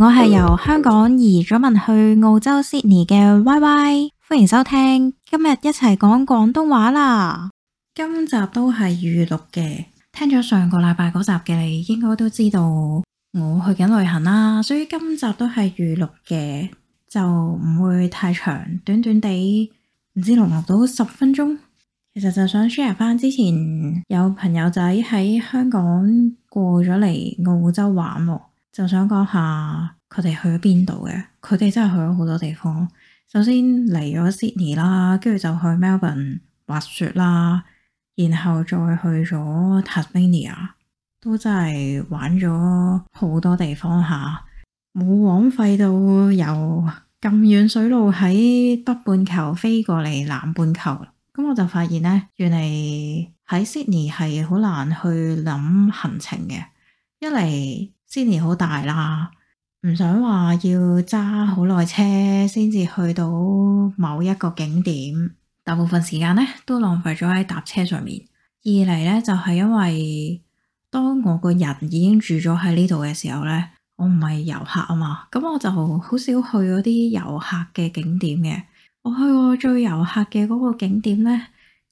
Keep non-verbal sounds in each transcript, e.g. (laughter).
我係由香港移咗民去澳洲悉尼嘅 Y Y，歡迎收聽，今日一齊講廣東話啦。今集都係預錄嘅，聽咗上個禮拜嗰集嘅，你應該都知道我去緊旅行啦，所以今集都係預錄嘅，就唔會太長，短短地唔知錄唔錄到十分鐘。其實就想 share 翻，之前有朋友仔喺香港過咗嚟澳洲玩。就想講下佢哋去咗邊度嘅，佢哋真係去咗好多地方。首先嚟咗悉尼啦，跟住就去 Melbourne 滑雪啦，然後再去咗 Tasmania，都真係玩咗好多地方吓，冇枉費到由咁遠水路喺北半球飛過嚟南半球。咁我就發現呢，原嚟喺悉尼係好難去諗行程嘅，一嚟。先年好大啦，唔想話要揸好耐車先至去到某一個景點，大部分時間呢都浪費咗喺搭車上面。二嚟呢，就係因為當我個人已經住咗喺呢度嘅時候呢，我唔係遊客啊嘛，咁我就好少去嗰啲遊客嘅景點嘅。我去過最遊客嘅嗰個景點呢，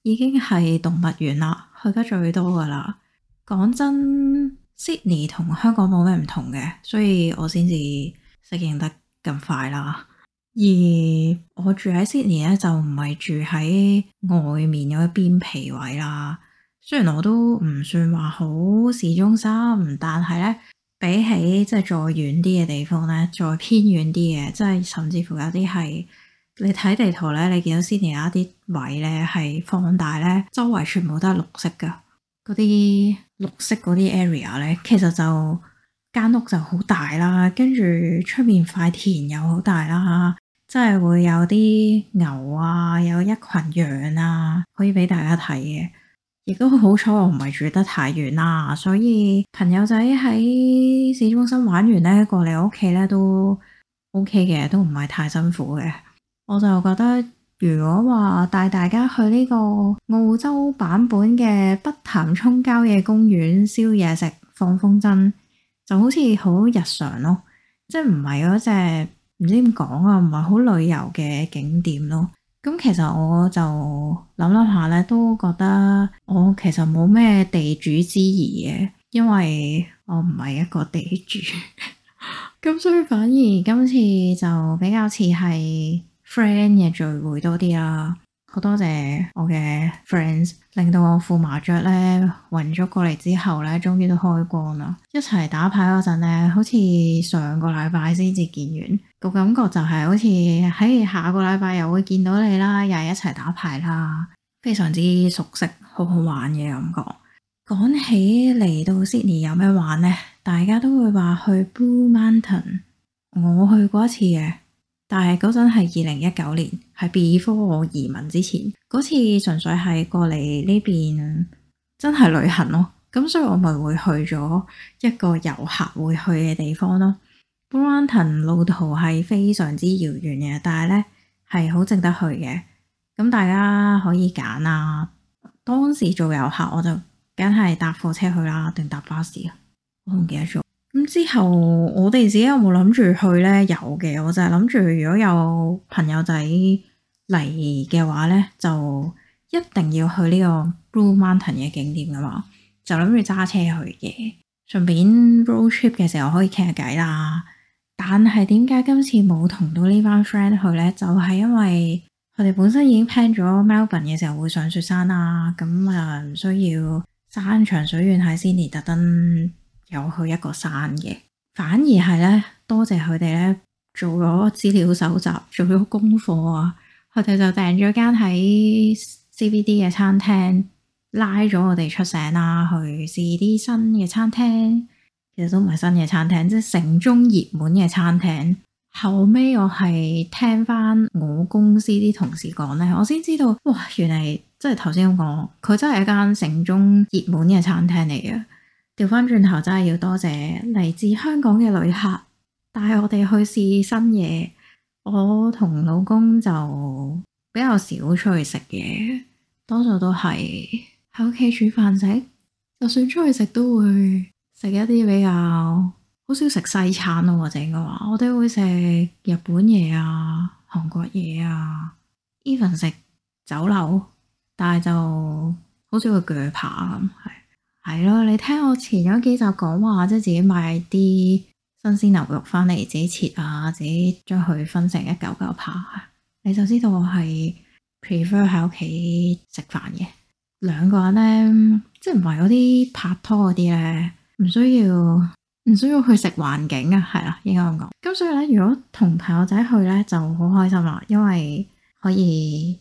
已經係動物園啦，去得最多噶啦。講真。Sydney 同香港冇咩唔同嘅，所以我先至適應得咁快啦。而我住喺 Sydney 咧，就唔係住喺外面嗰一邊皮位啦。雖然我都唔算話好市中心，但係咧，比起即係再遠啲嘅地方咧，再偏遠啲嘅，即係甚至乎有啲係你睇地圖咧，你見到 Sydney 有一啲位咧，係放大咧，周圍全部都係綠色噶。嗰啲綠色嗰啲 area 咧，其實就間屋就好大啦，跟住出面塊田又好大啦，吓，真係會有啲牛啊，有一群羊啊，可以俾大家睇嘅。亦都好彩，我唔係住得太遠啦，所以朋友仔喺市中心玩完咧，過嚟我屋企咧都 OK 嘅，都唔係太辛苦嘅，我就覺得。如果話帶大家去呢個澳洲版本嘅北潭涌郊野公園燒嘢食、放風箏，就好似好日常咯，即係唔係嗰隻唔知點講啊，唔係好旅遊嘅景點咯。咁其實我就諗諗下咧，都覺得我其實冇咩地主之誼嘅，因為我唔係一個地主，咁 (laughs) 所以反而今次就比較似係。friend 嘅聚會多啲啦，好多謝，謝我嘅 friends，令到我副麻雀呢，暈咗過嚟之後呢，終於都開光啦。一齊打牌嗰陣呢，好似上個禮拜先至見完，個感覺就係好似喺、哎、下個禮拜又會見到你啦，又係一齊打牌啦，非常之熟悉，好好玩嘅感覺。講起嚟到 Sydney 有咩玩呢？大家都會話去 Blue Mountain，我去過一次嘅。但係嗰陣係二零一九年，係 b 科我移民之前，嗰次純粹係過嚟呢邊，真係旅行咯。咁所以我咪會去咗一個遊客會去嘅地方咯。布蘭 n 路途係非常之遙遠嘅，但係呢係好值得去嘅。咁大家可以揀啦。當時做遊客我就梗係搭火車去啦，定搭巴士。我唔記得咗。咁之後，我哋自己有冇諗住去呢？有嘅，我就係諗住如果有朋友仔嚟嘅話呢就一定要去呢個 Blue Mountain 嘅景點噶嘛，就諗住揸車去嘅，順便 road trip 嘅時候可以傾下偈啦。但係點解今次冇同到呢班 friend 去呢？就係、是、因為佢哋本身已經 plan 咗 Melbourne 嘅時候會上雪山啦、啊，咁啊唔需要山長水遠喺 Sydney 特登。有去一個山嘅，反而係咧，多謝佢哋咧，做咗資料搜集，做咗功課啊，佢哋就訂咗間喺 CBD 嘅餐廳，拉咗我哋出城啦，去試啲新嘅餐廳。其實都唔係新嘅餐廳，即係城中熱門嘅餐廳。後尾我係聽翻我公司啲同事講咧，我先知道哇，原來即係頭先咁講，佢真係一間城中熱門嘅餐廳嚟嘅。調翻轉頭，真係要多謝嚟自香港嘅旅客，帶我哋去試新嘢。我同老公就比較少出去食嘢，多數都係喺屋企煮飯食。就算出去食，都會食一啲比較好少食西餐咯，或者我哋都會食日本嘢啊、韓國嘢啊、，even 食酒樓，但係就好少去鋸扒。係咯，你聽我前嗰幾集講話，即係自己買啲新鮮牛肉翻嚟自己切啊，自己將佢分成一嚿嚿扒，你就知道我係 prefer 喺屋企食飯嘅。兩個人咧，即係唔係嗰啲拍拖嗰啲咧，唔需要唔需要去食環境啊，係啦，應該咁講。咁所以咧，如果同朋友仔去咧，就好開心啦，因為可以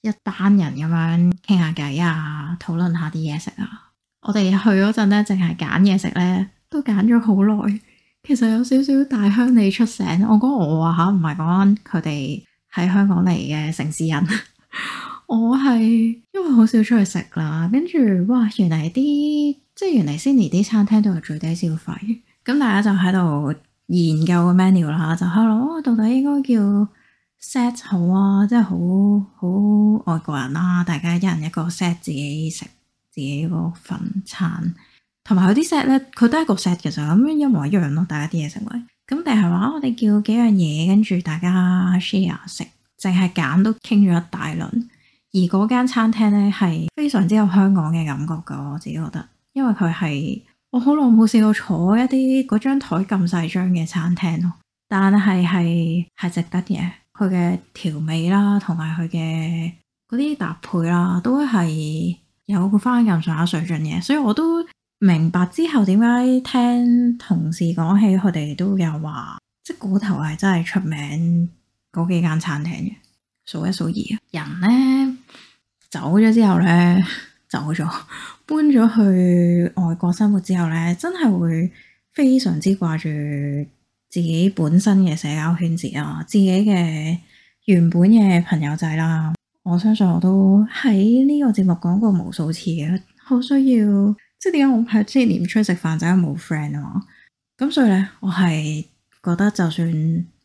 一班人咁樣傾下偈啊，討論下啲嘢食啊。我哋去嗰陣咧，淨係揀嘢食咧，都揀咗好耐。其實有少少大鄉里出城，我講我啊嚇，唔係講佢哋喺香港嚟嘅城市人。 (laughs) 我係因為好少出去食啦，跟住哇，原來啲即係原來 Sydney 啲餐廳都有最低消費。咁大家就喺度研究個 menu 啦，就喺度，我到底應該叫 set 好啊？即係好好外國人啦，啊，大家一人一個 set 自己食。自己個份餐，同埋佢啲 set 咧，佢都係個 set 其實咁樣一模一樣咯。大家啲嘢食位，咁定係話我哋叫幾樣嘢，跟住大家 share 食，淨係揀都傾咗一大輪。而嗰間餐廳咧係非常之有香港嘅感覺嘅，我自己覺得，因為佢係我好耐冇試過坐一啲嗰張台咁細張嘅餐廳咯。但係係係值得嘅，佢嘅調味啦，同埋佢嘅嗰啲搭配啦，都係。有返咁上下水準嘅，所以我都明白之後點解聽同事講起佢哋都有話，即係嗰頭係真係出名嗰幾間餐廳嘅，數一數二。人呢，走咗之後呢，走咗，搬咗去外國生活之後呢，真係會非常之掛住自己本身嘅社交圈子啊，自己嘅原本嘅朋友仔啦。我相信我都喺呢個節目講過無數次嘅，好需要即係點解我喺悉尼出去食飯仔冇 friend 啊嘛？咁所以咧，我係覺得就算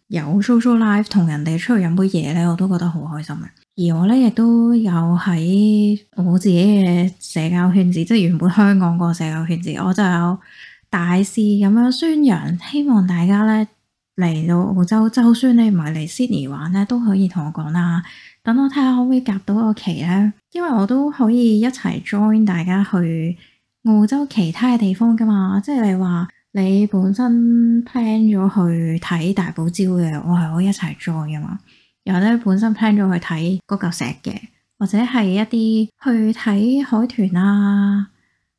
有 social life 同人哋出去飲杯嘢咧，我都覺得好開心嘅。而我咧亦都有喺我自己嘅社交圈子，即係原本香港個社交圈子，我就有大肆咁樣宣揚，希望大家咧嚟到澳洲，就算你唔係嚟悉尼玩咧，都可以同我講啦。等我睇下可唔可以夾到個期咧，因為我都可以一齊 join 大家去澳洲其他嘅地方噶嘛。即係你話你本身 plan 咗去睇大堡礁嘅，我係可以一齊 join 噶嘛。然後咧本身 plan 咗去睇嗰嚿石嘅，或者係一啲去睇海豚啊，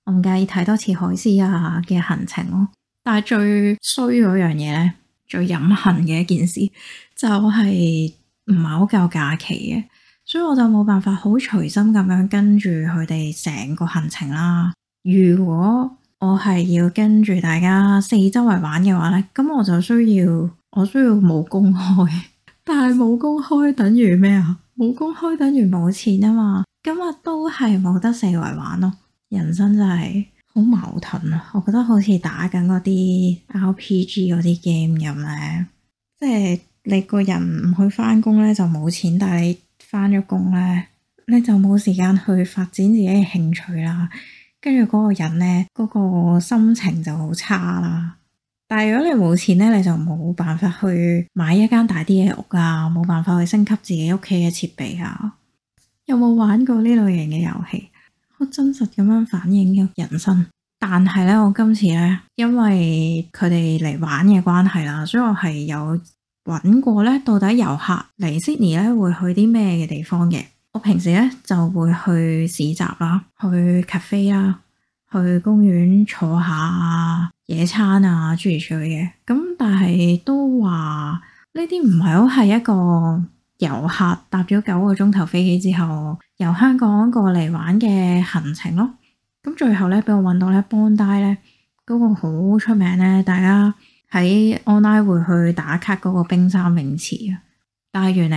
我唔介意睇多次海獅啊嘅行程咯。但係最衰嗰樣嘢咧，最飲恨嘅一件事，一件事就係，是。唔係好夠假期嘅，所以我就冇辦法好隨心咁樣跟住佢哋成個行程啦。如果我係要跟住大家四周圍玩嘅話呢，咁我就需要，我需要冇公開，但係冇公開等於咩啊？冇公開等於冇錢啊嘛。今日都係冇得四圍玩咯。人生真係好矛盾啊！我覺得好似打緊嗰啲 RPG 嗰啲 game 咁咧，即係。你個人唔去翻工咧，就冇錢，但係翻咗工咧，你就冇時間去發展自己嘅興趣啦。跟住嗰個人咧，嗰個心情就好差啦。但係如果你冇錢咧，你就冇辦法去買一間大啲嘅屋啊，冇辦法去升級自己屋企嘅設備啊。有冇玩過呢類型嘅遊戲？好真實咁樣反映人生。但係咧，我今次咧，因為佢哋嚟玩嘅關係啦，所以我係有。揾過咧，到底遊客嚟悉尼咧，會去啲咩嘅地方嘅？我平時咧就會去市集啦，去 cafe 啦，去公園坐下、野餐啊、住住嘅。咁但係都話呢啲唔係好係一個遊客搭咗九個鐘頭飛機之後由香港過嚟玩嘅行程咯。咁最後咧，俾我揾到咧，Bondi 咧嗰個好出名咧，大家。喺 online 會去打卡嗰個冰山泳池啊，但係原嚟，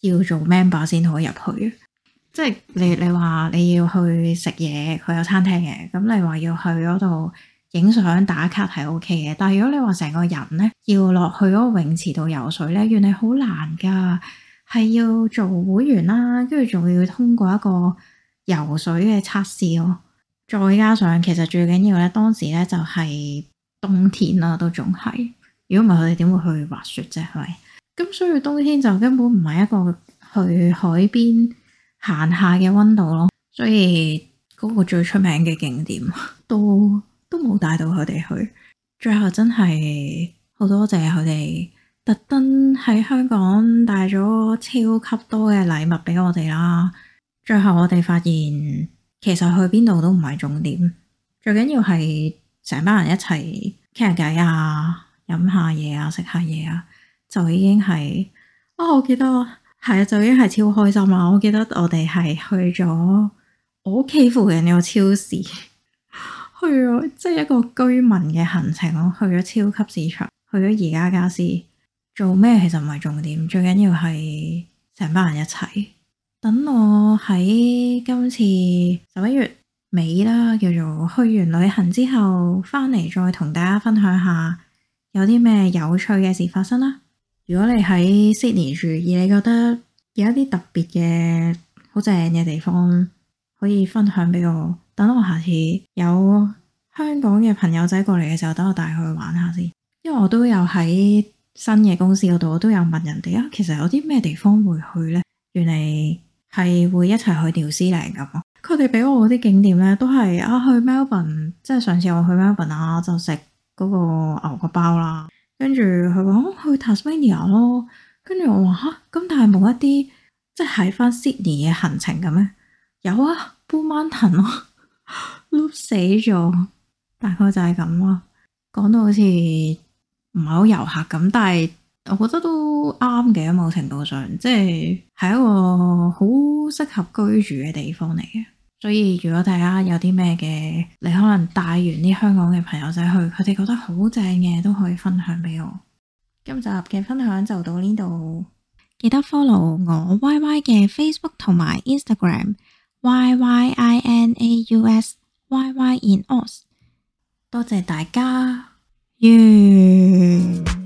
咧要做 member 先可以入去啊。即係你你話你要去食嘢，佢有餐廳嘅，咁你話要去嗰度影相打卡係 OK 嘅。但係如果你話成個人咧要落去嗰個泳池度游水咧，原嚟好難噶，係要做會員啦、啊，跟住仲要通過一個游水嘅測試咯。再加上其實最緊要咧，當時咧就係、是。冬天啦、啊，都仲係，如果唔係佢哋點會去滑雪啫，係咪？咁所以冬天就根本唔係一個去海邊行下嘅溫度咯，所以嗰個最出名嘅景點都都冇帶到佢哋去。最後真係好多謝佢哋特登喺香港帶咗超級多嘅禮物俾我哋啦。最後我哋發現，其實去邊度都唔係重點，最緊要係。成班人一齊傾下偈啊，飲下嘢啊，食下嘢啊，就已經係啊、哦！我記得係啊，就已經係超開心啊！我記得我哋係去咗我屋企附近個超市，去咗，即係一個居民嘅行程咯。去咗超級市場，去咗宜家家私，做咩其實唔係重點，最緊要係成班人一齊。等我喺今次十一月，美啦，叫做去完旅行之後翻嚟再同大家分享下有啲咩有趣嘅事發生啦。如果你喺悉尼住，而你覺得有一啲特別嘅好正嘅地方，可以分享俾我，等我下次有香港嘅朋友仔過嚟嘅時候，等我帶佢去玩玩下先。因為我都有喺新嘅公司嗰度，我都有問人哋啊，其實有啲咩地方會去呢？原嚟係會一齊去屌絲嶺咁。佢哋畀我嗰啲景點咧，都係啊去 Melbourne，即係上次我去 Melbourne 啊，就食嗰個牛角包啦。跟住佢講去 Tasmania 咯，跟住我話嚇，咁、啊、但係冇一啲即係返 Sydney 嘅行程嘅咩？有啊，Blue Mountain 咯，碌、啊、死咗，大概就係咁咯。講到好似唔係好遊客咁，但係。我覺得都啱嘅，某程度上即係係一個好適合居住嘅地方嚟嘅。所以如果大家有啲咩嘅，你可能帶完啲香港嘅朋友仔去，佢哋覺得好正嘅，都可以分享俾我。今集嘅分享就到呢度，記得 follow 我 YY 嘅 Facebook 同埋 Instagram，YYINAUS，YY In Oz。多謝大家，完。